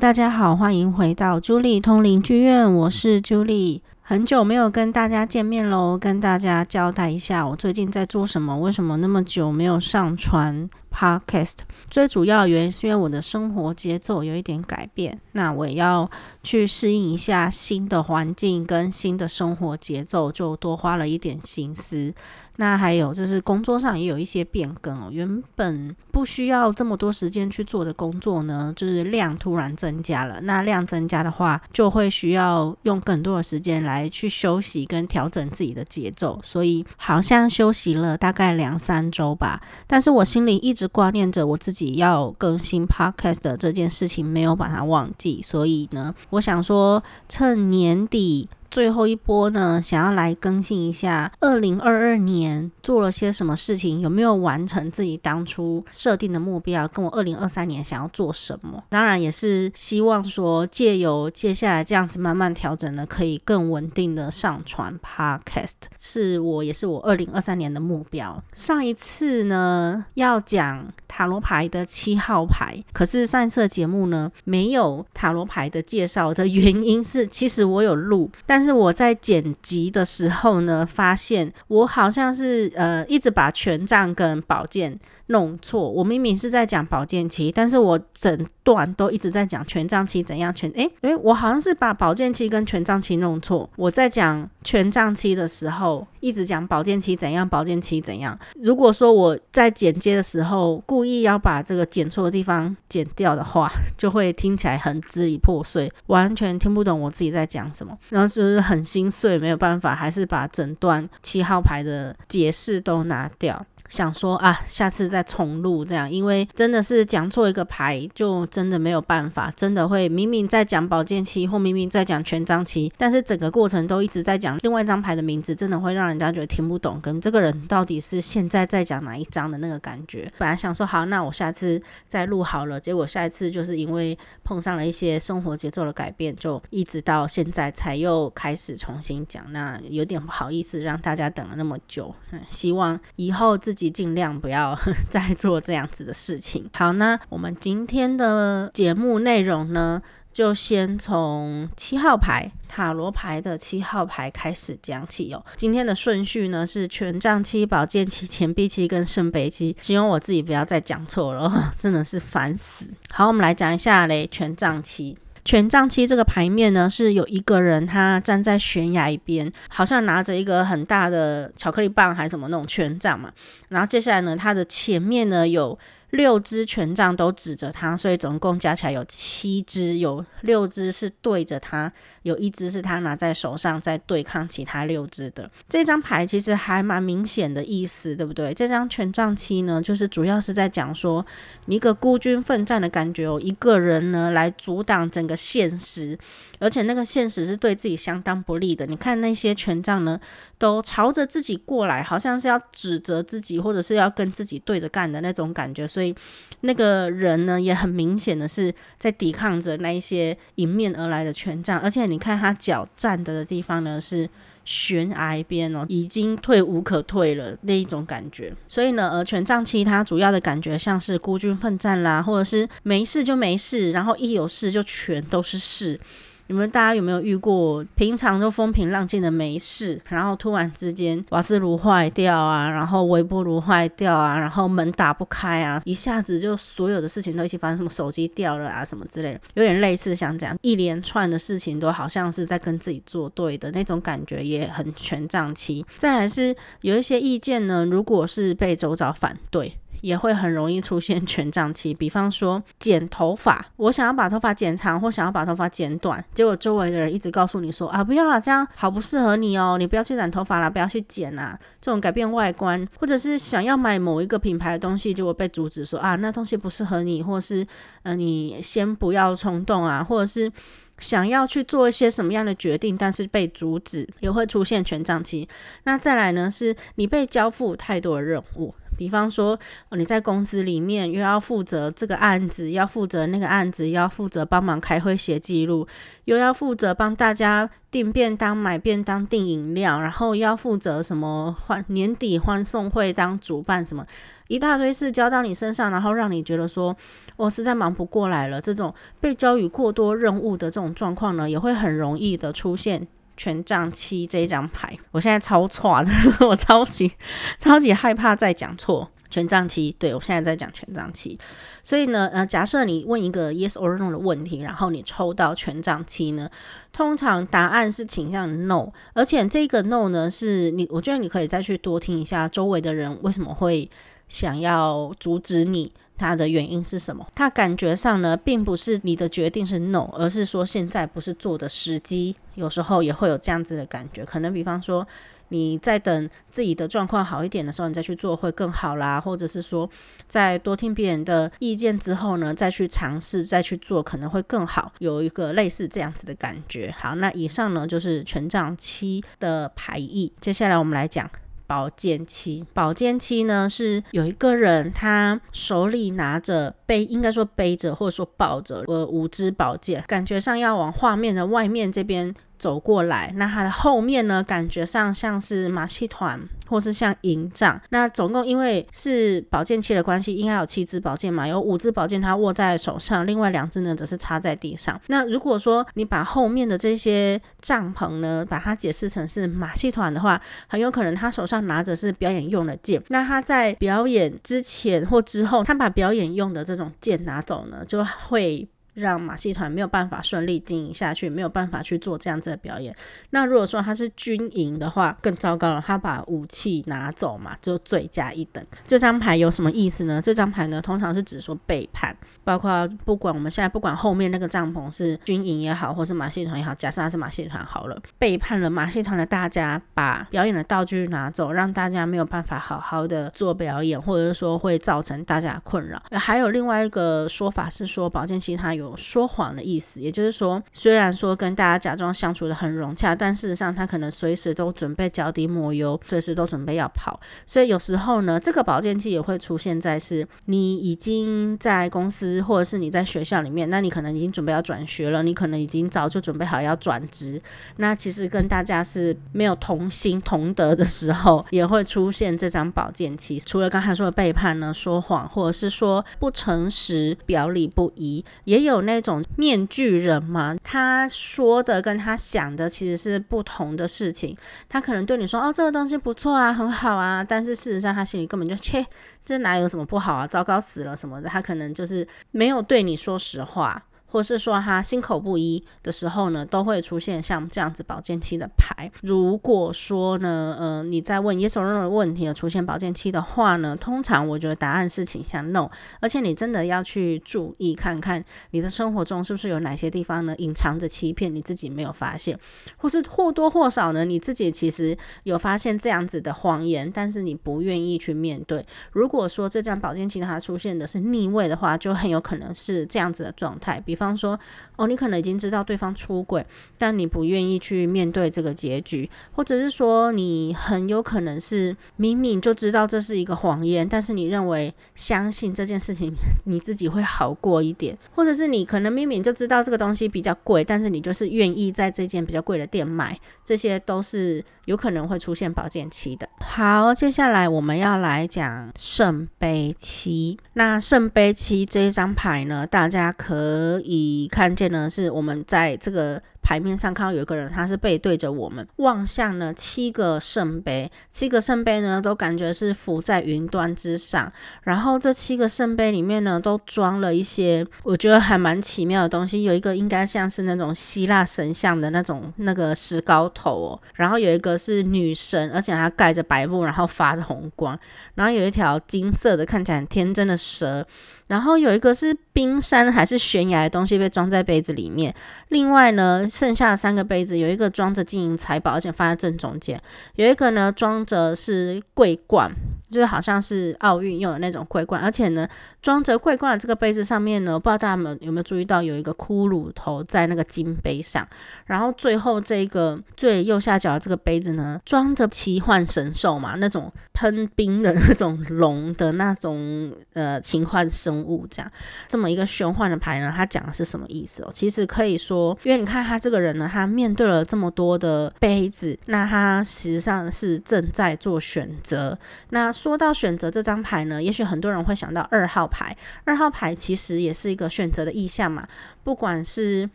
大家好，歡迎回到啾李通靈劇院，我是啾李。很久沒有跟大家見面嘍，跟大家交代一下，我最近在做什麼，為什麼那麼久沒有上傳 Podcast？最主要原因是因為我的生活節奏有一點改變，那我也要去適應一下新的環境跟新的生活節奏，就多花了一點心思。那還有就是工作上也有一些變更哦，原本不需要這麼多時間去做的工作呢，就是量突然增加了。那量增加的話，就會需要用更多的時間來去休息跟調整自己的節奏。所以好像休息了大概兩三周吧，但是我心裡一直掛念着我自己要更新 Podcast 的這件事情，沒有把它忘記。所以呢，我想說趁年底。最後一波呢，想要來更新一下，二零二二年做了些什麼事情，有沒有完成自己當初設定的目標？跟我二零二三年想要做什麼？當然也是希望說，借由接下來這樣子慢慢調整呢，可以更穩定的上傳 Podcast，是我也是我二零二三年的目標。上一次呢要講塔羅牌的七號牌，可是上一次的節目呢沒有塔羅牌的介紹的原因是，其實我有錄，但。但是我在剪輯的時候呢，發現我好像是呃一直把權杖跟寶劍弄錯。我明明是在講寶劍七，但是我整段都一直在講權杖七怎樣權。誒、欸、誒、欸，我好像是把寶劍七跟權杖七弄錯。我在講權杖七的時候，一直講寶劍七怎樣，寶劍七怎樣。如果說我在剪接的時候故意要把這個剪錯的地方剪掉的話，就會聽起來很支離破碎，完全聽不懂我自己在講什麼。然後、就是。就是很心碎，沒有辦法，還是把整段七號牌的解釋都拿掉。想說啊，下次再重錄這樣，因為真的是講錯一個牌，就真的沒有辦法，真的會明明在講寶劍七或明明在講權杖七，但是整個過程都一直在講另外一張牌的名字，真的會讓人家覺得聽不懂，跟這個人到底是現在在講哪一張的那個感覺。本來想說好，那我下次再錄好了，結果下一次就是因為碰上了一些生活節奏的改變，就一直到現在才又開始重新講，那有點不好意思讓大家等了那麼久。嗯，希望以後自己。儘量不要 再做這樣子的事情。好呢，那我們今天的節目內容呢，就先從七號牌塔羅牌的七號牌開始講起喔。有今天的順序呢，是權杖七、寶劍七、錢幣七跟聖杯七。希望我自己不要再講錯了，真的是煩死。好，我們來講一下嘞，權杖七。權杖七這個牌面呢，是有一個人他站在懸崖一邊，好像拿着一個很大的巧克力棒還是什麼那種權杖嘛。然後接下來呢，他的前面呢有六隻權杖都指着他，所以總共加起來有七隻，有六隻是對着他。有一支是他拿在手上，在對抗其他六支的這張牌，其實還蠻明顯的意思，對不對？這張權杖七呢，就是主要是在講說你一個孤軍奮戰的感覺哦，有一個人呢來阻擋整個現實，而且那個現實是對自己相當不利的。你看那些權杖呢，都朝着自己過來，好像是要指責自己，或者是要跟自己對着幹的那種感覺。所以那個人呢，也很明顯的是在抵抗着那一些迎面而來的權杖，而且你。你看他腳站的的地方呢，是懸崖邊哦，已經退無可退了那一種感覺。所以呢，而權杖七它主要的感覺像是孤軍奮戰啦，或者是沒事就沒事，然後一有事就全都是事。你們大家有沒有遇過？平常都風平浪靜的沒事，然後突然之間瓦斯爐壞掉啊，然後微波爐壞掉啊，然後門打不開啊，一下子就所有的事情都一起發生，什麼手機掉了啊什麼之類的，有點類似像這樣一連串的事情都好像是在跟自己作對的那種感覺，也很權杖七。再來是有一些意見呢，如果是被周遭反對。也會很容易出現權杖七，比方說剪頭髮，我想要把頭髮剪長或想要把頭髮剪短，結果周圍的人一直告訴你說啊不要啦，這樣好不適合你哦，你不要去染頭髮啦，不要去剪啦，這種改變外觀，或者是想要買某一個品牌的東西，結果被阻止說啊那東西不適合你，或者是呃你先不要衝動啊，或者是想要去做一些什麼樣的決定，但是被阻止，也會出現權杖七。那再來呢，是你被交付太多的任務。比方說，你在公司裡面又要負責這個案子，要負責那個案子，要負責幫忙開會寫記錄，又要負責幫大家訂便當、買便當、訂飲料，然後又要負責什麼歡年底歡送會當主辦什麼，一大堆事交到你身上，然後讓你覺得說，我、哦、實在忙不過來了。這種被交予過多任務的這種狀況呢，也會很容易的出現。權杖七這一張牌，我現在超挫的，我超級超級害怕再講錯。權杖七，對，我現在在講權杖七，所以呢，呃，假設你問一個 yes or no 的問題，然後你抽到權杖七呢，通常答案是傾向 no，而且這個 no 呢，是你，我覺得你可以再去多聽一下周圍的人為什麼會想要阻止你。它的原因是什麼？它感覺上呢，並不是你的決定是 no，而是說現在不是做的時機。有時候也會有這樣子的感覺，可能比方說你在等自己的狀況好一點的時候，你再去做會更好啦，或者是說在多聽別人的意見之後呢，再去嘗試再去做可能會更好，有一個類似這樣子的感覺。好，那以上呢就是權杖七的牌意，接下來我們來講。寶劍七，寶劍七呢，是有一個人，他手裡拿着背，應該說背着或者說抱着呃、五支寶劍，感覺上要往畫面的外面這邊。走過來，那他的後面呢？感覺上像是馬戲團，或是像營帳。那總共因為是寶劍七的關係，應該有七支寶劍嘛，有五支寶劍它握在手上，另外兩支呢則是插在地上。那如果說你把後面的這些帳篷呢，把它解釋成是馬戲團的話，很有可能他手上拿着是表演用的劍。那他在表演之前或之後，他把表演用的這種劍拿走呢，就會。讓馬戲團沒有辦法順利經營下去，沒有辦法去做這樣子的表演。那如果說他是軍營的話，更糟糕了。他把武器拿走嘛，就罪加一等。這張牌有什麼意思呢？這張牌呢，通常是指說背叛，包括不管我們現在不管後面那個帳篷是軍營也好，或是馬戲團也好，假設他是馬戲團好了，背叛了馬戲團的大家，把表演的道具拿走，讓大家沒有辦法好好的做表演，或者說會造成大家的困擾。還有另外一個說法是說，寶劍其實它有。有說謊的意思，也就是說，雖然說跟大家假裝相處得很融洽，但事實上他可能隨時都準備腳底抹油，隨時都準備要跑。所以有時候呢，這個寶劍七也會出現在是你已經在公司，或者是你在學校裡面，那你可能已經準備要轉學了，你可能已經早就準備好要轉職。那其實跟大家是沒有同心同德的時候，也會出現這張寶劍七。除了剛才說的背叛呢、說謊或者是說不誠實、表裡不一，也有。有那種面具人嗎？他說的跟他想的其實是不同的事情。他可能對你說：“哦，這個東西不錯啊，很好啊。”但是事實上，他心裡根本就切，這哪有什麼不好啊？糟糕死了什麼的。他可能就是沒有對你說實話。或是說他心口不一的時候呢，都會出現像這樣子寶劍七的牌。如果說呢，呃，你在問 yes or no 的問題有出現寶劍七的話呢，通常我覺得答案是傾向 no。而且你真的要去注意看看你的生活中是不是有哪些地方呢隱藏着欺騙，你自己沒有發現，或是或多或少呢你自己其實有發現這樣子的謊言，但是你不願意去面對。如果說這張寶劍七它出現的是逆位的話，就很有可能是這樣子的狀態，比方。比方說，哦，你可能已經知道對方出軌，但你不願意去面對這個結局，或者是說你很有可能是明明就知道這是一個謊言，但是你認為相信這件事情你自己會好過一點，或者是你可能明明就知道這個東西比較貴，但是你就是願意在這間比較貴的店買，這些都是有可能會出現寶劍七的。好，接下來我們要來講聖杯七。那聖杯七這一張牌呢，大家可。已看見呢，是我們在這個。牌面上看到有一個人，他是背對着我們，望向了七個聖杯。七個聖杯呢，都感覺是浮在雲端之上。然後這七個聖杯裡面呢，都裝了一些我覺得還蠻奇妙的東西。有一個應該像是那種希臘神像的那種那個石膏頭哦，然後有一個是女神，而且她蓋着白布，然後發着紅光。然後有一條金色的，看起來很天真的蛇。然後有一個是冰山還是懸崖的東西被裝在杯子裡面。另外呢，剩下三個杯子，有一個裝着金銀財寶，而且放在正中間；有一個呢，裝着是桂冠，就是好像是奧運用的那種桂冠，而且呢。裝着桂冠的這個杯子上面呢，不知道大家有沒有注意到，有一個骷髏頭在那個金杯上。然後最後這一個最右下角的這個杯子呢，裝着奇幻神獸嘛，那種噴冰的那種龍的那種呃奇幻生物，這樣這麼一個玄幻的牌呢，它講的是什麼意思哦？其實可以說，因為你看他這個人呢，他面對了這麼多的杯子，那他實際上是正在做選擇。那說到選擇這張牌呢，也許很多人會想到二號。牌，二號牌其實也是一個選擇的意向嘛，不管是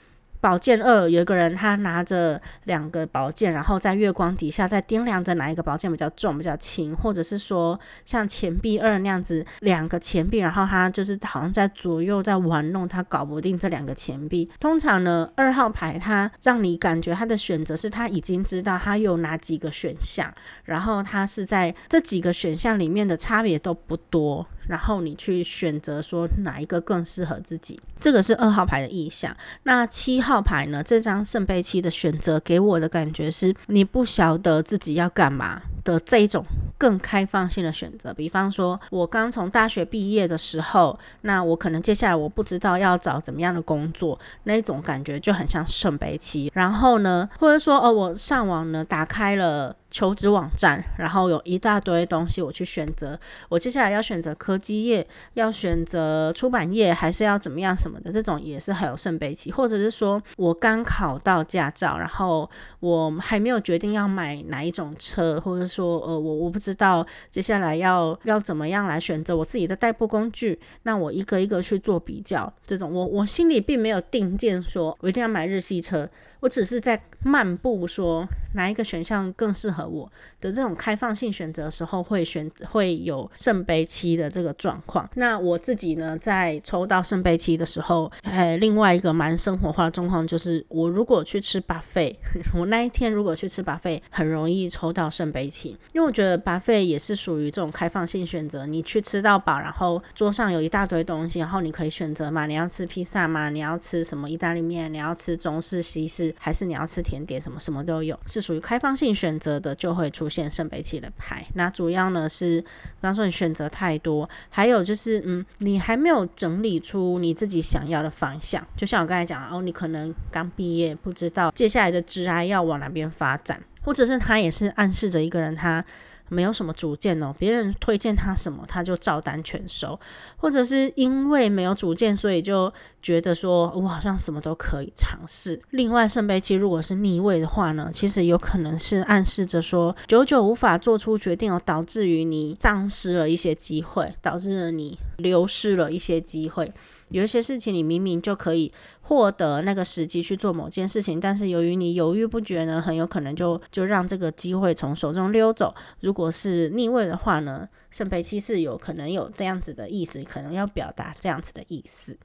寶劍二有一個人他拿着兩個寶劍，然後在月光底下在掂量着哪一個寶劍比較重、比較輕，或者是說像錢幣二那樣子兩個錢幣，然後他就是好像在左右在玩弄，他搞不定這兩個錢幣。通常呢，二號牌他讓你感覺他的選擇是他已經知道他有哪幾個選項，然後他是在這幾個選項裡面的差別都不多。然後你去選擇說哪一個更適合自己，這個是二號牌的意象。那七號牌呢？這張聖杯七的選擇給我的感覺是，你不曉得自己要幹嘛的這一種更開放性的選擇。比方說，我剛從大學畢業的時候，那我可能接下來我不知道要找怎麼樣的工作，那種感覺就很像聖杯七。然後呢，或者說哦，我上網呢打開了。求職網站，然後有一大堆東西我去選擇，我接下來要選擇科技業，要選擇出版業，還是要怎麼樣什麼的，這種也是很有聖杯七，或者是說我剛考到駕照，然後我還沒有決定要買哪一種車，或者說呃我我不知道接下來要要怎麼樣來選擇我自己的代步工具，那我一個一個去做比較，這種我我心裡並沒有定見，說我一定要買日系車。我只是在漫步說，說哪一個選項更適合我的這種開放性選擇的時候，會選會有聖杯七的這個狀況。那我自己呢，在抽到聖杯七的時候，呃、哎，另外一個蠻生活化的狀況就是，我如果去吃 buffet，我那一天如果去吃 buffet，很容易抽到聖杯七。因為我覺得 buffet 也是屬於這種開放性選擇，你去吃到飽，然後桌上有一大堆東西，然後你可以選擇嘛，你要吃披薩嘛，你要吃什麼意大利麵？你要吃中式西式？還是你要吃甜點，什麼什麼都有，是屬於開放性選擇的，就會出現聖杯七的牌。那主要呢是，比方說你選擇太多，還有就是，嗯，你還沒有整理出你自己想要的方向。就像我剛才講，哦，你可能剛畢業，不知道接下來的職涯要往哪邊發展，或者是他也是暗示着一個人他。沒有什麼主見哦，別人推薦他什麼他就照單全收，或者是因為沒有主見，所以就覺得說，我好像什麼都可以嘗試。另外，聖杯七如果是逆位的話呢，其實有可能是暗示着說，久久無法做出決定哦，導致於你喪失了一些機會，導致了你流失了一些機會。有一些事情，你明明就可以獲得那個時機去做某件事情，但是由於你猶豫不決呢，很有可能就就讓這個機會從手中溜走。如果是逆位的話呢，聖杯七是有可能有這樣子的意思，可能要表達這樣子的意思。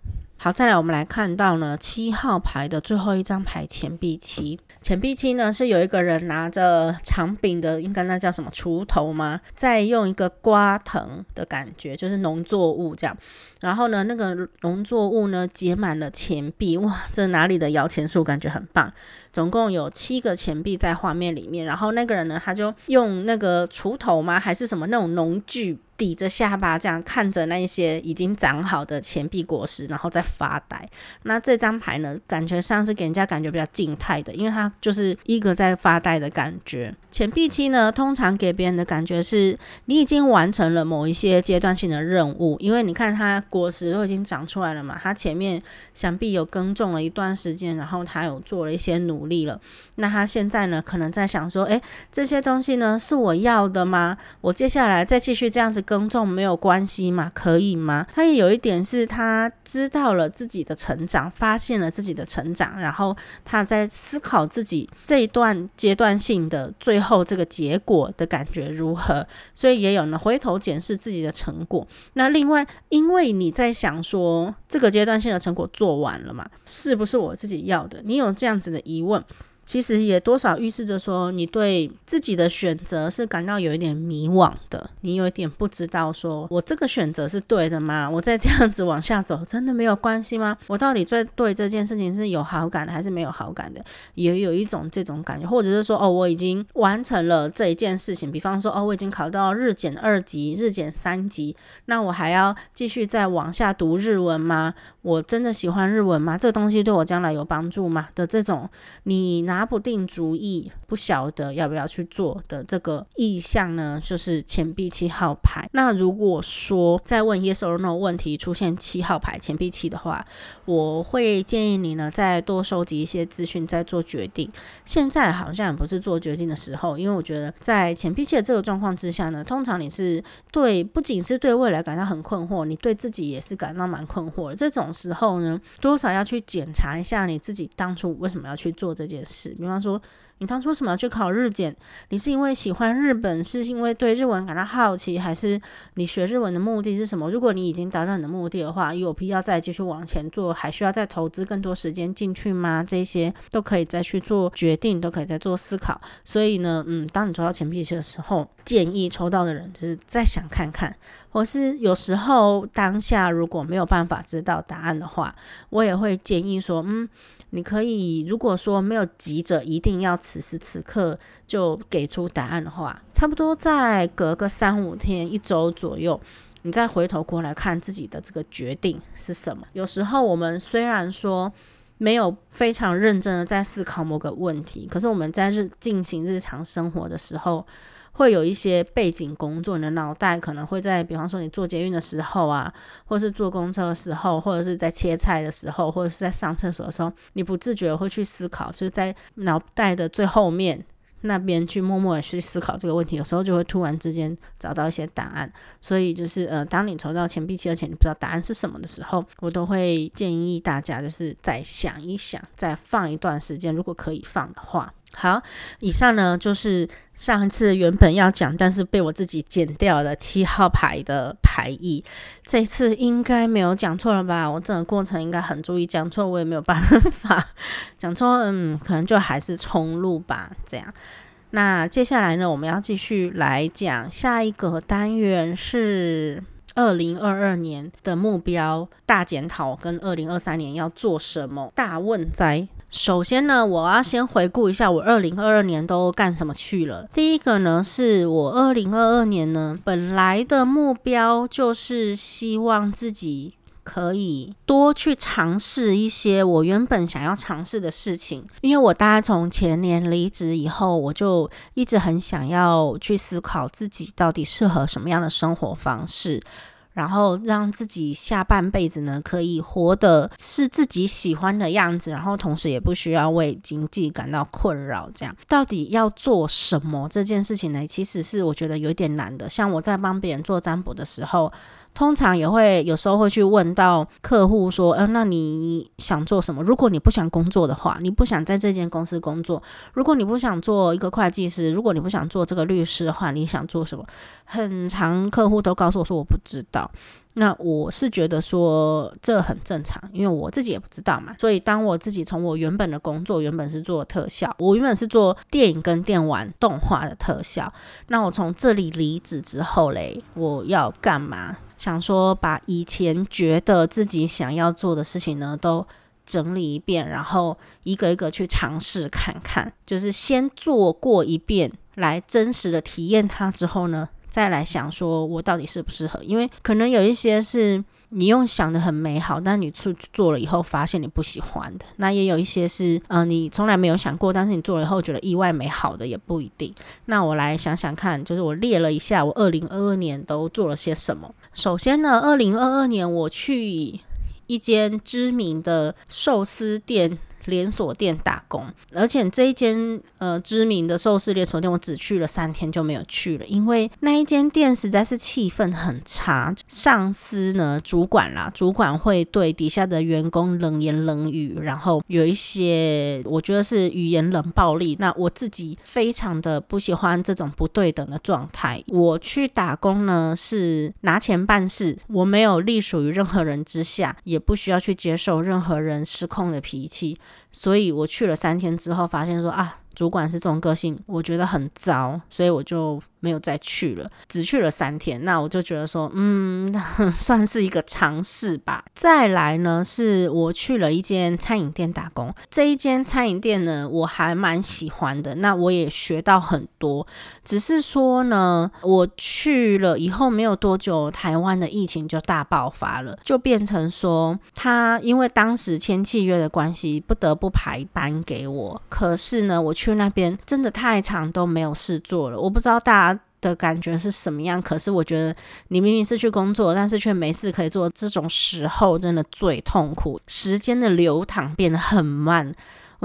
好，再來，我們來看到呢七號牌的最後一張牌，錢幣七。錢幣七呢是有一個人拿着長柄的，應該那叫什麼鋤頭嗎？再用一個瓜藤的感覺，就是農作物這樣。然後呢，那個農作物呢結滿了錢幣，哇，這哪裡的搖錢樹？感覺很棒。總共有七個錢幣在畫面裡面。然後那個人呢，他就用那個鋤頭嗎？還是什麼那種農具？抵着下巴這樣看着那一些已經長好的錢幣果實，然後再發呆。那這張牌呢，感覺上是給人家感覺比較靜態的，因為它就是一個在發呆的感覺。錢幣七呢，通常給別人的感覺是你已經完成了某一些階段性的任務，因為你看它果實都已經長出來了嘛，它前面想必有耕種了一段時間，然後它有做了一些努力了。那它現在呢，可能在想說，誒、欸，這些東西呢是我要的嗎？我接下來再繼續這樣子。耕種沒有關係嘛？可以嗎？他也有一點是他知道了自己的成長，發現了自己的成長，然後他在思考自己這一段階段性的最後這個結果的感覺如何，所以也有呢回頭檢視自己的成果。那另外，因為你在想說這個階段性的成果做完了嘛，是不是我自己要的？你有這樣子的疑問？其實也多少預示着說，你對自己的選擇是感到有一點迷惘的，你有一點不知道，說我這個選擇是對的嗎？我再這樣子往下走，真的沒有關係嗎？我到底在對這件事情是有好感的，還是沒有好感的？也有一種這種感覺，或者是說，哦，我已經完成了這一件事情，比方說，哦，我已經考到日檢二級、日檢三級，那我還要繼續再往下讀日文嗎？我真的喜歡日文嗎？這東西對我將來有幫助嗎？的這種，你拿不定主意。不曉得要不要去做的這個意向呢，就是錢幣七號牌。那如果說在問 yes or no 問題出現七號牌錢幣七的話，我會建議你呢再多收集一些資訊，再做決定。現在好像也不是做決定的時候，因為我覺得在錢幣七的這個狀況之下呢，通常你是對不僅是對未來感到很困惑，你對自己也是感到蠻困惑的。這種時候呢，多少要去檢查一下你自己當初為什麼要去做這件事，比方說。你當初什麼要去考日檢？你是因為喜歡日本，是因為對日文感到好奇，還是你學日文的目的是什麼？如果你已經達到你的目的的話，有必要再繼續往前做，還需要再投資更多時間進去嗎？這些都可以再去做決定，都可以再做思考。所以呢，嗯，當你抽到錢幣七的時候，建議抽到的人就是再想看看，或是有時候當下如果沒有辦法知道答案的話，我也會建議說，嗯。你可以，如果說沒有急着一定要此時此刻就給出答案的話，差不多再隔個三五天、一周左右，你再回頭過來看自己的這個決定是什麼。有時候我們雖然說沒有非常認真的在思考某個問題，可是我們在日進行日常生活的時候，會有一些背景工作，你的腦袋可能會在，比方說你坐捷運的時候啊，或是坐公車的時候，或者是在切菜的時候，或者是在上廁所的時候，你不自覺會去思考，就是在腦袋的最後面那邊去默默的去思考這個問題，有時候就會突然之間找到一些答案。所以就是呃，當你抽到錢幣七二錢，你不知道答案是什麼的時候，我都會建議大家就是再想一想，再放一段時間，如果可以放的話。好，以上呢就是上一次原本要講，但是被我自己剪掉的七號牌的牌意。這次應該沒有講錯了吧？我整個過程應該很注意講錯，我也沒有辦法講錯。嗯，可能就還是重錄吧，這樣。那接下來呢，我們要繼續來講下一個單元，是二零二二年的目標大檢討跟二零二三年要做什麼大問哉。首先呢，我要先回顧一下我二零二二年都幹什麼去了。第一個呢，是我二零二二年呢，本來的目標就是希望自己可以多去嘗試一些我原本想要嘗試的事情，因為我大概從前年離職以後，我就一直很想要去思考自己到底適合什麼樣的生活方式。然後讓自己下半輩子呢，可以活得是自己喜歡的樣子，然後同時也不需要為經濟感到困擾。這樣到底要做什麼這件事情呢？其實是我覺得有點難的。像我在幫別人做占卜的時候。通常也會有時候會去問到客戶說，嗯、呃，那你想做什麼？如果你不想工作的話，你不想在這間公司工作；如果你不想做一個會計師，如果你不想做這個律師的話，你想做什麼？很常客戶都告訴我說，我不知道。那我是覺得說，這很正常，因為我自己也不知道嘛。所以當我自己從我原本的工作，原本是做特效，我原本是做電影跟電玩動畫的特效。那我從這裡離職之後嘞，我要幹嘛？想說把以前覺得自己想要做的事情呢，都整理一遍，然後一個一個去嘗試看看，就是先做過一遍，來真實的體驗它之後呢，再來想說我到底適不適合，因為可能有一些是。你用想的很美好，但你去做了以後發現你不喜歡的，那也有一些是，呃，你從來沒有想過，但是你做了以後覺得意外美好的也不一定。那我來想想看，就是我列了一下我二零二二年都做了些什麼。首先呢，二零二二年我去一間知名的壽司店連鎖店打工，而且這一間呃知名的壽司連鎖店，我只去了三天就沒有去了，因為那一間店實在是氣氛很差。上司呢，主管啦，主管會對底下的員工冷言冷語，然後有一些我覺得是語言冷暴力。那我自己非常的不喜歡這種不對等的狀態。我去打工呢，是拿錢辦事，我沒有隸屬於任何人之下，也不需要去接受任何人失控的脾氣。所以我去了三天之後，發現說啊，主管是這種個性，我覺得很糟，所以我就沒有再去了，只去了三天。那我就覺得說，嗯，算是一個嘗試吧。再來呢，是我去了一間餐飲店打工。這一間餐飲店呢，我還蠻喜歡的。那我也學到很多，只是說呢，我去了以後沒有多久，台灣的疫情就大爆發了，就變成說，他因為當時簽契約的關係，不得不排班給我。可是呢，我去那邊真的太長都沒有事做了。我不知道大家。的感覺是什麼樣？可是我覺得你明明是去工作，但是卻沒事可以做，這種時候真的最痛苦。時間的流淌變得很慢。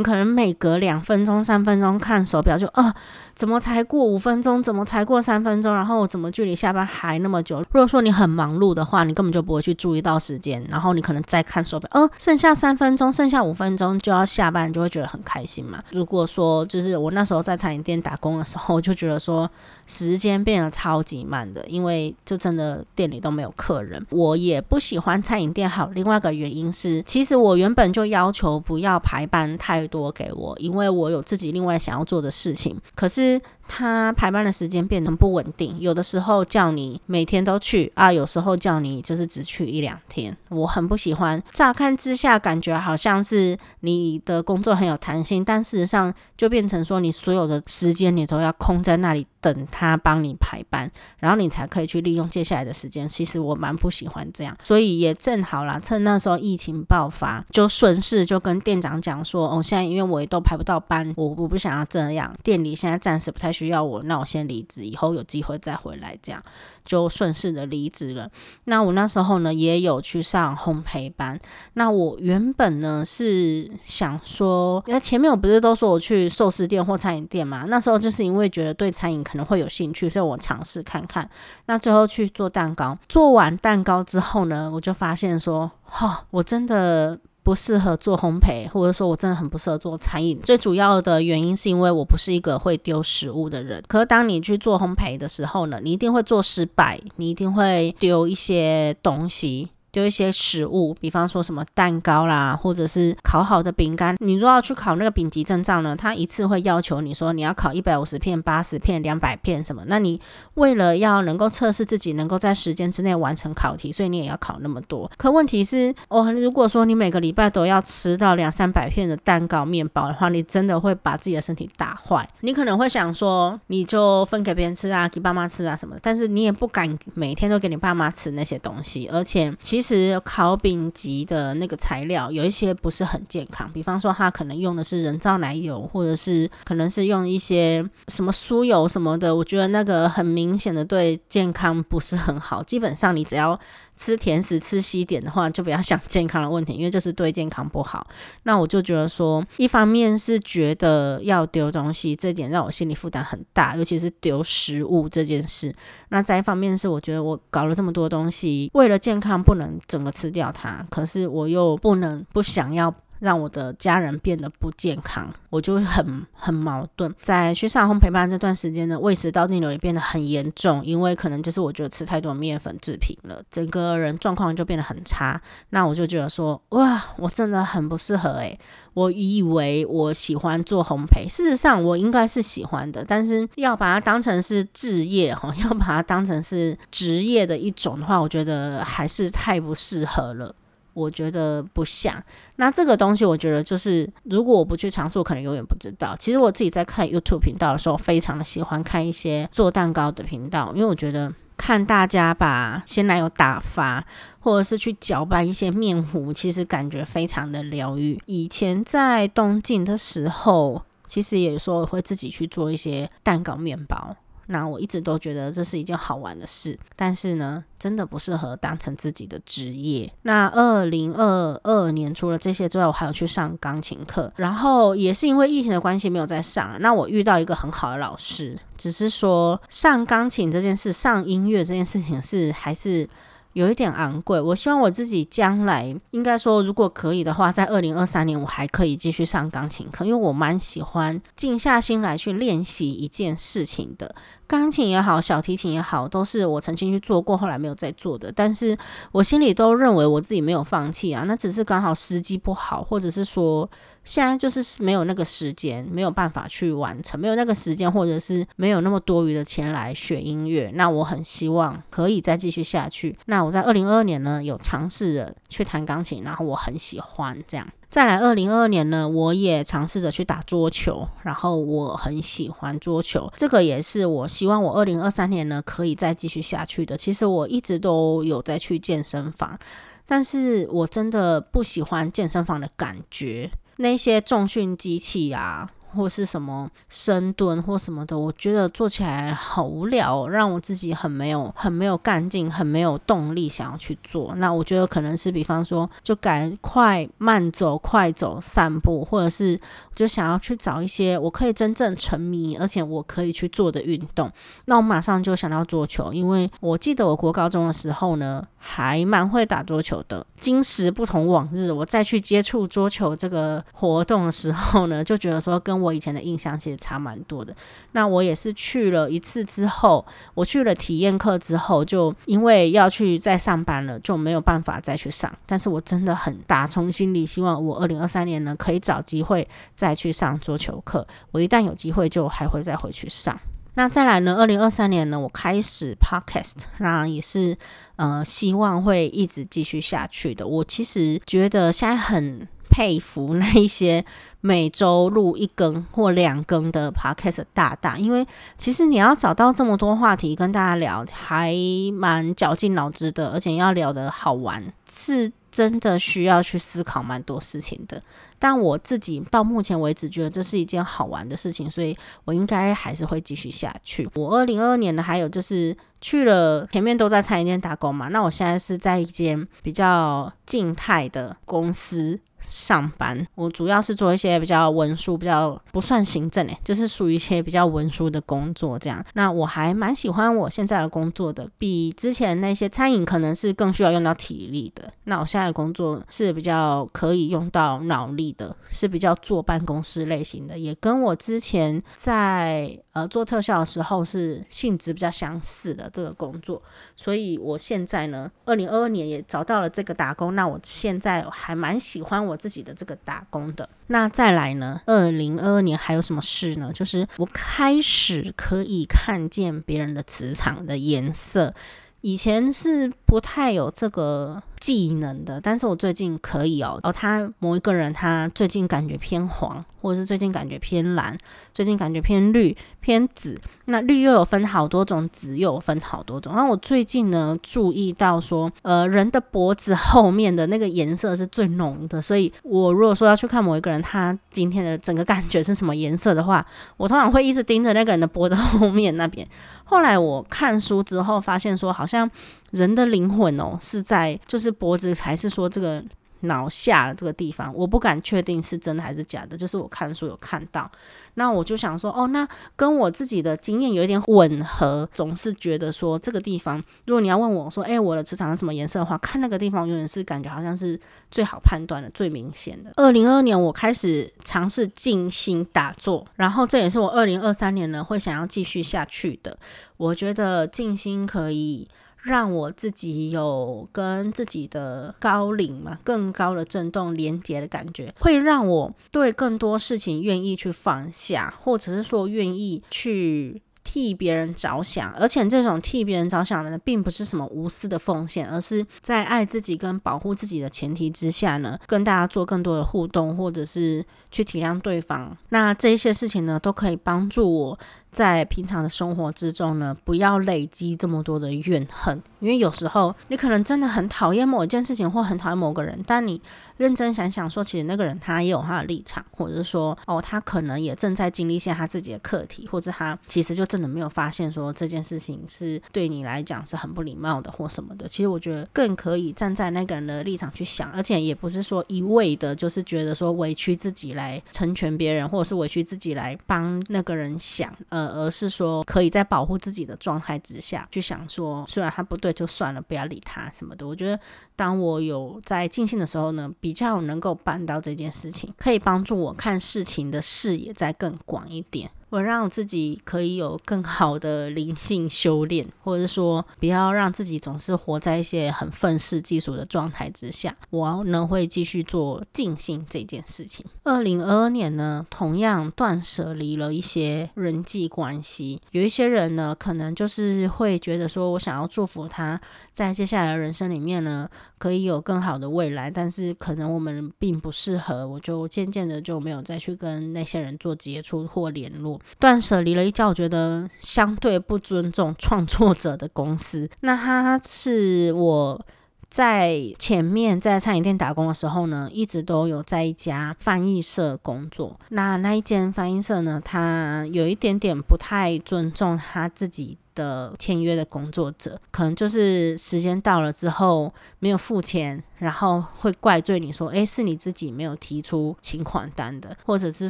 可能每隔兩分鐘、三分鐘看手表就，就啊，怎麼才過五分鐘？怎麼才過三分鐘？然後我怎麼距離下班還那麼久？如果說你很忙碌的話，你根本就不會去注意到時間，然後你可能再看手表，呃、啊，剩下三分鐘，剩下五分鐘就要下班，就會覺得很開心嘛。如果說就是我那時候在餐飲店打工的時候，就覺得說時間變得超級慢的，因為就真的店裡都沒有客人，我也不喜歡餐飲店。好，另外一個原因是，其實我原本就要求不要排班太。多給我，因為我有自己另外想要做的事情，可是，他排班的時間變成不穩定，有的時候叫你每天都去啊，有時候叫你就是只去一兩天。我很不喜歡，乍看之下感覺好像是你的工作很有彈性，但事實上就變成說你所有的時間你都要空在那裡等他幫你排班，然後你才可以去利用接下來的時間。其實我蠻不喜歡這樣，所以也正好啦。趁那時候疫情爆發，就順勢就跟店長講說，哦，現在因為我也都排不到班，我我不想要這樣，店裡現在暫時不太。需要我，那我先離職，以後有機會再回來，這樣就順勢的離職了。那我那時候呢，也有去上烘焙班。那我原本呢是想說，那前面我不是都說我去壽司店或餐飲店嘛？那時候就是因為覺得對餐飲可能會有興趣，所以我嘗試看看。那最後去做蛋糕，做完蛋糕之後呢，我就發現說，哈，哦，我真的。不適合做烘焙，或者說我真的很不適合做餐飲。最主要的原因是因為我不是一個會丟食物的人。可是當你去做烘焙的時候呢，你一定會做失敗，你一定會丟一些東西。丟一些食物，比方說什麼蛋糕啦，或者是烤好的餅乾。你如果要去考那個丙級證照呢，他一次會要求你說你要考一百五十片、八十片、兩百片什麼。那你為了要能夠測試自己能夠在時間之內完成考題，所以你也要考那麼多。可問題是，哦，如果說你每個禮拜都要吃到兩三百片的蛋糕、麵包的話，你真的會把自己的身體打壞。你可能會想說，你就分給別人吃啊，給爸媽吃啊什麼的。但是你也不敢每天都給你爸媽吃那些東西，而且其實。其實烤餅級的那個材料有一些不是很健康，比方說它可能用的是人造奶油，或者是可能是用一些什麼酥油什麼的，我覺得那個很明顯的對健康不是很好。基本上你只要。吃甜食，吃西點的話，就不要想健康的問題，因為就是對健康不好。那我就覺得說，一方面是覺得要丟東西，這點讓我心理負擔很大，尤其是丟食物這件事。那再一方面是我覺得我搞了這麼多東西，為了健康不能整個吃掉它，可是我又不能，不想要。讓我的家人變得不健康，我就會很很矛盾。在去上烘焙班這段時間呢，胃食道逆流也變得很嚴重，因為可能就是我覺得吃太多麵粉製品了，整個人狀況就變得很差。那我就覺得說，哇，我真的很不適合欸。我以為我喜歡做烘焙，事實上我應該是喜歡的，但是要把它當成是職業哈，要把它當成是職業的一種的話，我覺得還是太不適合了。我覺得不像，那這個東西，我覺得就是，如果我不去嘗試，我可能永遠不知道。其實我自己在看 YouTube 頻道的時候，非常喜歡看一些做蛋糕的頻道，因為我覺得看大家把鮮奶油打發，或者是去攪拌一些麵糊，其實感覺非常的療癒。以前在東京的時候，其實也說我會自己去做一些蛋糕、麵包。那我一直都覺得這是一件好玩的事，但是呢，真的不適合當成自己的職業。那二零二二年除了這些之外，我還有去上鋼琴課，然後也是因為疫情的關係沒有再上。那我遇到一個很好的老師，只是說上鋼琴這件事，上音樂這件事情是還是。有一點昂貴，我希望我自己將來應該說，如果可以的話，在2023年我還可以繼續上鋼琴課，因為我蠻喜歡靜下心來去練習一件事情的。鋼琴也好，小提琴也好，都是我曾經去做過，後來沒有再做的，但是我心裡都認為我自己沒有放棄啊，那只是剛好時機不好，或者是說。現在就是沒有那個時間，沒有辦法去完成，沒有那個時間，或者是沒有那麼多餘的錢來學音樂。那我很希望可以再繼續下去。那我在二零二二年呢，有嘗試着去彈鋼琴，然後我很喜歡這樣。再來二零二二年呢，我也嘗試着去打桌球，然後我很喜歡桌球。這個也是我希望我二零二三年呢，可以再繼續下去的。其實我一直都有在去健身房，但是我真的不喜歡健身房的感覺。那些重訓機器啊。或是什麼深蹲或什麼的，我覺得做起來好無聊哦，讓我自己很沒有、很沒有幹勁、很沒有動力想要去做。那我覺得可能是，比方說，就趕快慢走、快走、散步，或者是就想要去找一些我可以真正沉迷，而且我可以去做的運動。那我馬上就想到桌球，因為我記得我國高中的時候呢，還蠻會打桌球的。今時不同往日，我再去接觸桌球這個活動的時候呢，就覺得說跟我我以前的印象其實差蠻多的。那我也是去了一次之後，我去了體驗課之後，就因為要去再上班了，就沒有辦法再去上。但是我真的很打從心裡希望，我二零二三年呢可以找機會再去上桌球課。我一旦有機會，就還會再回去上。那再來呢？二零二三年呢，我開始 podcast，那也是呃希望會一直繼續下去的。我其實覺得現在很佩服那一些每週錄一更或兩更的 podcast 大大，因為其實你要找到這麼多話題跟大家聊，還蠻絞盡腦汁的，而且要聊得好玩，是真的需要去思考蠻多事情的。但我自己到目前為止覺得這是一件好玩的事情，所以我應該還是會繼續下去。我二零二二年的還有就是去了前面都在餐飲店打工嘛，那我現在是在一間比較靜態的公司，上班，我主要是做一些比較文書，比較不算行政誒、欸，就是屬於一些比較文書的工作這樣。那我還蠻喜歡我現在的工作的，比之前那些餐飲可能是更需要用到體力的。那我現在的工作是比較可以用到腦力的，是比較坐辦公室類型的，也跟我之前在呃做特效的時候是性質比較相似的這個工作。所以我現在呢，二零二二年也找到了這個打工，那我現在還蠻喜歡。我自己的這個打工的，那再來呢？二零二二年還有什麼事呢？就是我開始可以看見別人的磁場的顏色，以前是不太有這個。技能的，但是我最近可以哦。哦，然後他某一個人，他最近感覺偏黃，或者是最近感覺偏藍，最近感覺偏綠偏紫。那綠又有分好多種，紫又有分好多種。啊，然後我最近呢注意到說，呃，人的脖子後面的那個顏色是最濃的。所以我如果說要去看某一個人，他今天的整個感覺是什麼顏色的話，我通常會一直盯着那個人的脖子後面那邊。後來我看書之後發現說，好像人的靈魂哦是在就是。脖子還是說這個腦下的這個地方，我不敢確定是真的還是假的。就是我看書有看到，那我就想說，哦，那跟我自己的經驗有一點吻合。總是覺得說這個地方，如果你要問我說，哎，我的磁場是什麼顏色的話，看那個地方永遠是感覺好像是最好判斷的、最明顯的。二零二二年，我開始嘗試靜心打坐，然後這也是我二零二三年呢會想要繼續下去的。我覺得靜心可以。讓我自己有跟自己的高靈嘛，更高的振動連接的感覺會讓我對更多事情願意去放下，或者是說願意去替別人着想。而且這種替別人着想呢，並不是什麼無私的奉獻，而是在愛自己跟保護自己的前提之下呢，跟大家做更多的互動，或者是去體諒對方。那這些事情呢，都可以幫助我。在平常的生活之中呢，不要累積這麼多的怨恨，因為有時候你可能真的很討厭某一件事情，或很討厭某個人，但你認真想想說，其實那個人他也有他的立場，或者是說，哦，他可能也正在經歷一些他自己的課題，或者他其實就真的沒有發現說這件事情是對你來講是很不禮貌的或什麼的。其實我覺得更可以站在那個人的立場去想，而且也不是說一味的就是覺得說委屈自己來成全別人，或者是委屈自己來幫那個人想。呃呃，而是說可以在保護自己的狀態之下，去想說，雖然他不對，就算了，不要理他什麼的。我覺得，當我有在靜心的時候呢，比較能夠辦到這件事情，可以幫助我看事情的視野再更廣一點。我讓自己可以有更好的靈性修煉，或者是說，不要讓自己總是活在一些很憤世嫉俗的狀態之下。我能會繼續做靜心這件事情。二零二二年呢，同樣斷舍離了一些人際關係。有一些人呢，可能就是會覺得說，我想要祝福他，在接下來的人生裡面呢，可以有更好的未來。但是可能我們並不適合，我就漸漸的就沒有再去跟那些人做接觸或聯絡。斷捨離了一家，我覺得相對不尊重創作者的公司。那他是我在前面在餐飲店打工的時候呢，一直都有在一家翻譯社工作。那那一間翻譯社呢，他有一點點不太尊重他自己的簽約的工作者，可能就是時間到了之後沒有付錢，然後會怪罪你說，哎，是你自己沒有提出請款單的，或者是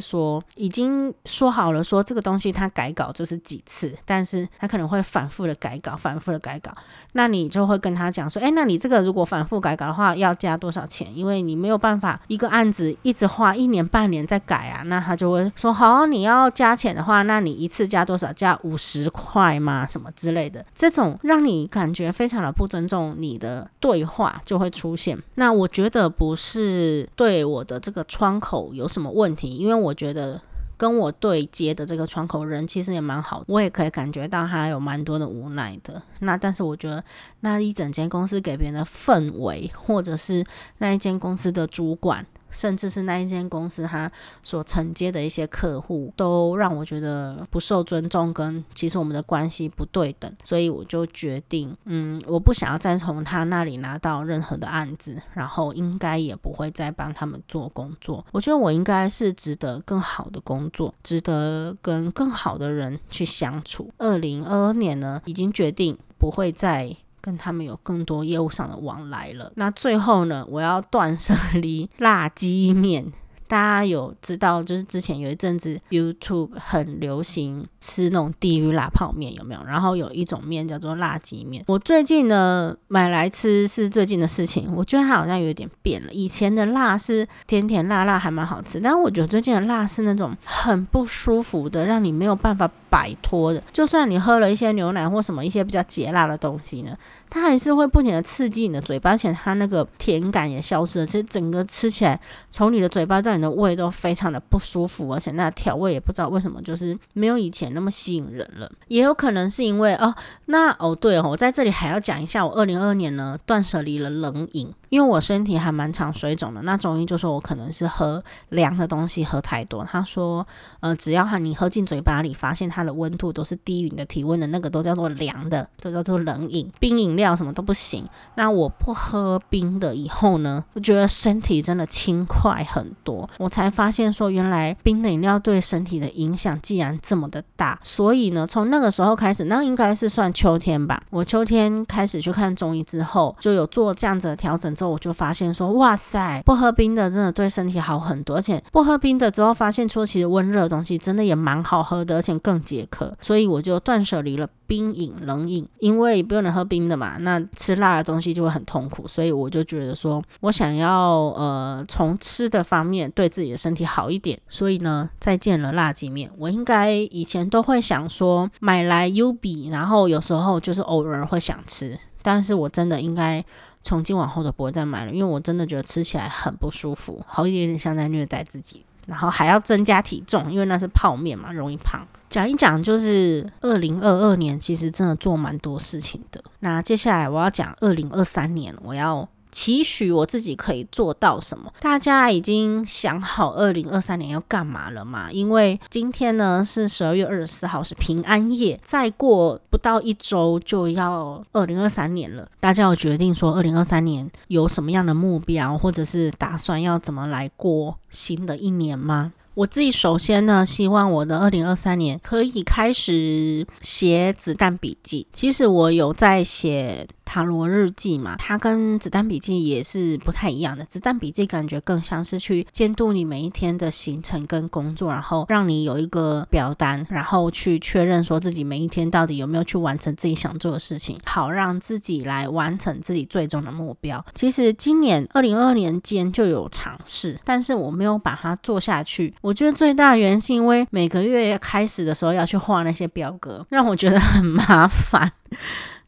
說已經說好了說這個東西他改稿就是幾次，但是他可能會反覆的改稿，反覆的改稿，那你就會跟他講說，哎，那你這個如果反覆改稿的話要加多少錢？因為你沒有辦法一個案子一直花一年半年再改啊，那他就會說，好，你要加錢的話，那你一次加多少？加五十塊嘛。什麼？什麼之類的，這種讓你感覺非常的不尊重你的對話就會出現。那我覺得不是對我的這個窗口有什麼問題，因為我覺得跟我對接的這個窗口人其實也蠻好的，我也可以感覺到他有蠻多的無奈的。那但是我覺得那一整間公司給別人的氛圍，或者是那一間公司的主管，甚至是那一間公司，他所承接的一些客戶，都讓我覺得不受尊重，跟其實我們的關係不對等，所以我就決定，嗯，我不想要再從他那裡拿到任何的案子，然後應該也不會再幫他們做工作。我覺得我應該是值得更好的工作，值得跟更好的人去相處。二零二二年呢，已經決定不會再。跟他們有更多業務上的往來了。那最後呢，我要斷捨離辣雞麵。大家有知道，就是之前有一陣子 YouTube 很流行吃那種地獄辣泡麵，有沒有？然後有一種麵叫做辣雞麵。我最近呢買來吃是最近的事情，我覺得它好像有點變了。以前的辣是甜甜辣辣，還蠻好吃，但我覺得最近的辣是那種很不舒服的，讓你沒有辦法擺脫的，就算你喝了一些牛奶或什麼一些比較解辣的東西呢，它還是會不停的刺激你的嘴巴，而且它那個甜感也消失了，其實整個吃起來從你的嘴巴到你的胃都非常的不舒服，而且那調味也不知道為什麼就是沒有以前那麼吸引人了，也有可能是因為哦，那哦對哦，我在這裡還要講一下，我二零二二年呢斷捨離了冷飲。因為我身體還蠻常水腫的，那中醫就說我可能是喝涼的東西喝太多。他說，呃，只要哈你喝進嘴巴裡，發現它的溫度都是低於你的體溫的，那個都叫做涼的，這叫做冷飲、冰飲料，什麼都不行。那我不喝冰的以後呢，我覺得身體真的輕快很多。我才發現說，原來冰的飲料對身體的影響竟然這麼的大。所以呢，從那個時候開始，那應該是算秋天吧。我秋天開始去看中醫之後，就有做這樣子的調整。後我就發現說，哇塞，不喝冰的真的對身體好很多，而且不喝冰的之後發現，說其實溫熱的東西真的也蠻好喝的，而且更解渴，所以我就斷捨離了冰飲、冷飲，因為不能喝冰的嘛。那吃辣的東西就會很痛苦，所以我就覺得說，我想要呃從吃的方面對自己的身體好一點，所以呢，再見了辣雞麵。我應該以前都會想說買來 U 比，然後有時候就是偶爾會想吃，但是我真的應該。從今往後都不會再買了，因為我真的覺得吃起來很不舒服，好一點點像在虐待自己，然後還要增加體重，因為那是泡麵嘛，容易胖。講一講就是二零二二年，其實真的做蠻多事情的。那接下來我要講二零二三年，我要期許我自己可以做到什麼？大家已經想好二零二三年要幹嘛了嗎？因為今天呢是十二月二十四號，是平安夜，再過不到一周就要二零二三年了。大家有決定說二零二三年有什麼樣的目標，或者是打算要怎麼來過新的一年嗎？我自己首先呢，希望我的二零二三年可以開始寫子彈筆記。其實我有在寫。塔羅日記嘛，它跟子彈筆記也是不太一樣的。子彈筆記感覺更像是去監督你每一天的行程跟工作，然後讓你有一個表單，然後去確認說自己每一天到底有沒有去完成自己想做的事情，好讓自己來完成自己最終的目標。其實今年2022年間就有嘗試，但是我沒有把它做下去。我覺得最大原因是因為每個月開始的時候要去畫那些表格，讓我覺得很麻煩。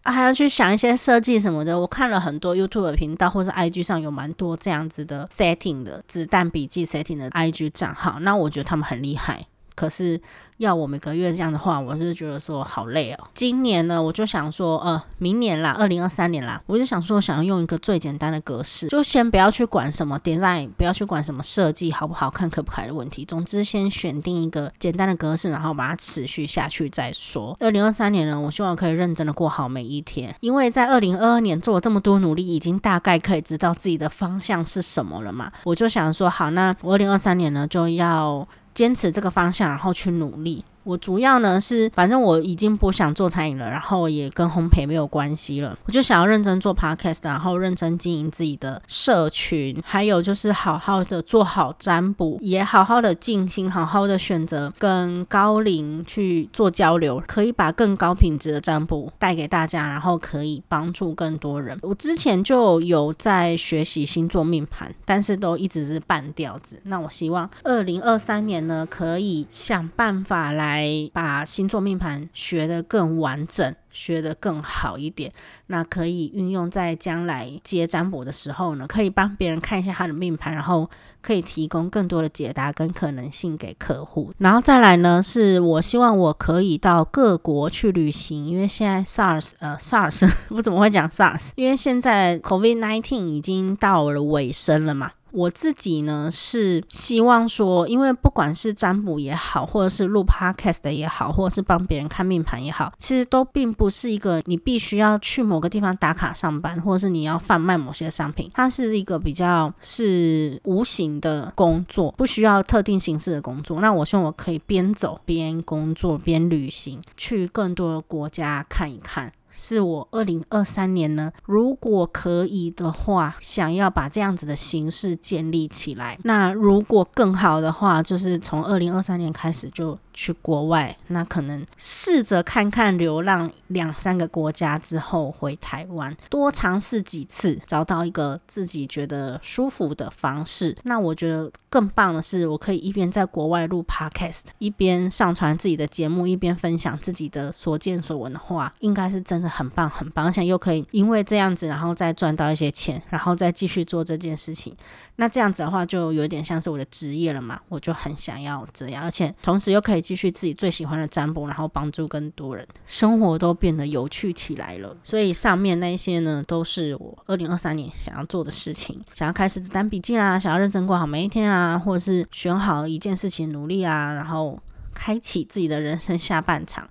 啊，還要去想一些設計什麼的。我看了很多 YouTube 頻道或是 IG 上有蠻多這樣子的 setting 的子彈筆記 setting 的 IG 賬號，那我覺得他們很厲害，可是。要我每個月這樣的話，我是覺得說好累哦。今年呢，我就想說，呃，明年啦，二零二三年啦，我就想說，想要用一個最簡單的格式，就先不要去管什麼 design，不要去管什麼設計好不好看、可不可以的問題。總之，先選定一個簡單的格式，然後把它持續下去再說。二零二三年呢，我希望我可以認真的過好每一天，因為在二零二二年做了這麼多努力，已經大概可以知道自己的方向是什麼了嘛。我就想說，好，那我二零二三年呢，就要。堅持這個方向，然後去努力。我主要呢是，反正我已經不想做餐飲了，然後也跟烘焙沒有關係了，我就想要認真做 podcast，然後認真經營自己的社群，還有就是好好的做好占卜，也好好的靜心，好好的選擇跟高靈去做交流，可以把更高品質的占卜帶給大家，然後可以幫助更多人。我之前就有在學習星座命盤，但是都一直是半吊子。那我希望二零二三年呢，可以想辦法來。來把星座命盤學得更完整，學得更好一點，那可以運用在將來接占卜的時候呢，可以幫別人看一下他的命盤，然後可以提供更多的解答跟可能性給客戶。然後再來呢，是我希望我可以到各國去旅行，因為現在 SARS 呃 SARS 我怎麼會講 SARS，因為現在 COVID 19已經到了尾聲了嘛。我自己呢，是希望說，因為不管是占卜也好，或者是錄 Podcast 的也好，或者是幫別人看命盤也好，其實都並不是一個你必須要去某個地方打卡上班，或者是你要販賣某些商品。它是一個比較是無形的工作，不需要特定形式的工作。那我希望我可以邊走邊工作，邊旅行，去更多的國家看一看。是我二零二三年呢，如果可以的話，想要把這樣子的形式建立起來。那如果更好的話，就是從二零二三年開始就。去國外，那可能試着看看流浪兩三個國家之後回台灣，多嘗試幾次，找到一個自己覺得舒服的方式。那我覺得更棒的是，我可以一邊在國外錄 Podcast，一邊上傳自己的節目，一邊分享自己的所見所聞的話，應該是真的很棒很棒。而且又可以因為這樣子，然後再賺到一些錢，然後再繼續做這件事情。那這樣子的話，就有點像是我的職業了嘛，我就很想要這樣，而且同時又可以。繼續自己最喜歡的占卜，然後幫助更多人，生活都變得有趣起來了。所以上面那些呢，都是我二零二三年想要做的事情，想要開始子彈筆記啊，想要認真過好每一天啊，或者是選好一件事情努力啊，然後開啟自己的人生下半場。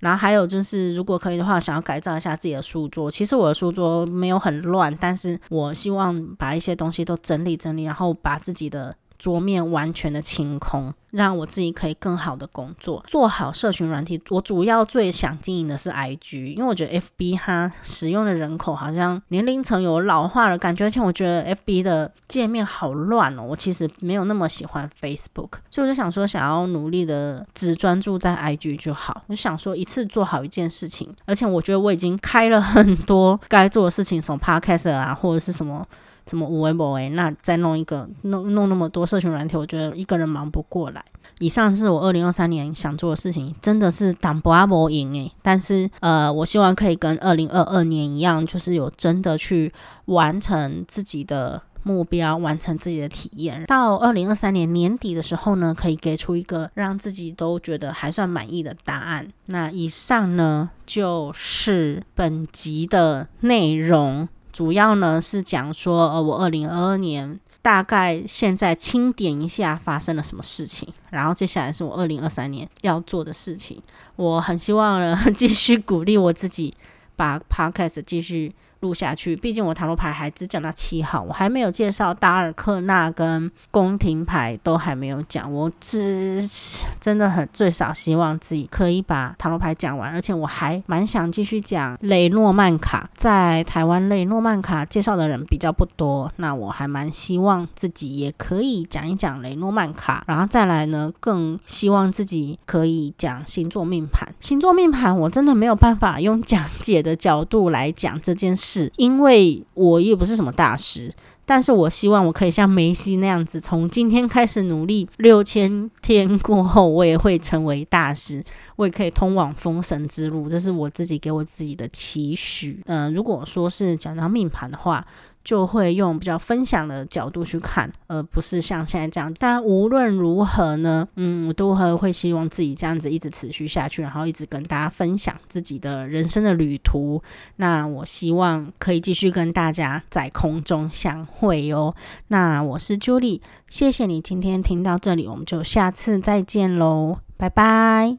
然後還有就是，如果可以的話，想要改造一下自己的書桌。其實我的書桌沒有很亂，但是我希望把一些東西都整理整理，然後把自己的。桌面完全的清空，讓我自己可以更好的工作，做好社群軟體。我主要最想經營的是 IG，因為我覺得 FB 它使用的人口好像年齡層有老化了感覺，而且我覺得 FB 的界面好亂哦，我其實沒有那麼喜歡 Facebook，所以我就想說想要努力的只專注在 IG 就好。我想說一次做好一件事情，而且我覺得我已經開了很多該做的事情，什麼 Podcaster 啊或者是什麼。怎麼五維博維，那再弄一個，弄弄那麼多社群軟體，我覺得一個人忙不過來。以上是我二零二三年想做的事情，真的是擋不阿博贏哎。但是呃，我希望可以跟二零二二年一樣，就是有真的去完成自己的目標，完成自己的體驗。到二零二三年年底的時候呢，可以給出一個讓自己都覺得還算滿意的答案。那以上呢，就是本集的內容。主要呢，是講說，呃，我二零二二年大概現在清點一下發生了什麼事情，然後接下來是我二零二三年要做的事情。我很希望呢繼續鼓勵我自己，把 podcast 繼續。錄下去，畢竟我塔羅牌還只講到七號，我還沒有介紹大阿爾克納跟宮廷牌都還沒有講。我只真的很最少希望自己可以把塔羅牌講完，而且我還蠻想繼續講雷諾曼卡。在台灣雷諾曼卡介紹的人比較不多，那我還蠻希望自己也可以講一講雷諾曼卡。然後再來呢，更希望自己可以講星座命盤。星座命盤我真的沒有辦法用講解的角度來講這件事。是因為我也不是什麼大師，但是我希望我可以像梅西那樣子，從今天開始努力，六千天過後，我也會成為大師，我也可以通往封神之路。這是我自己給我自己的期許。嗯、呃，如果說是講到命盤的話，就會用比較分享的角度去看，而不是像現在這樣。但無論如何呢，嗯，我都會會希望自己這樣子一直持續下去，然後一直跟大家分享自己的人生的旅途。那我希望可以繼續跟大家在空中相會哦。那我是 Julie，謝謝你今天聽到這裡，我們就下次再見嘍，拜拜。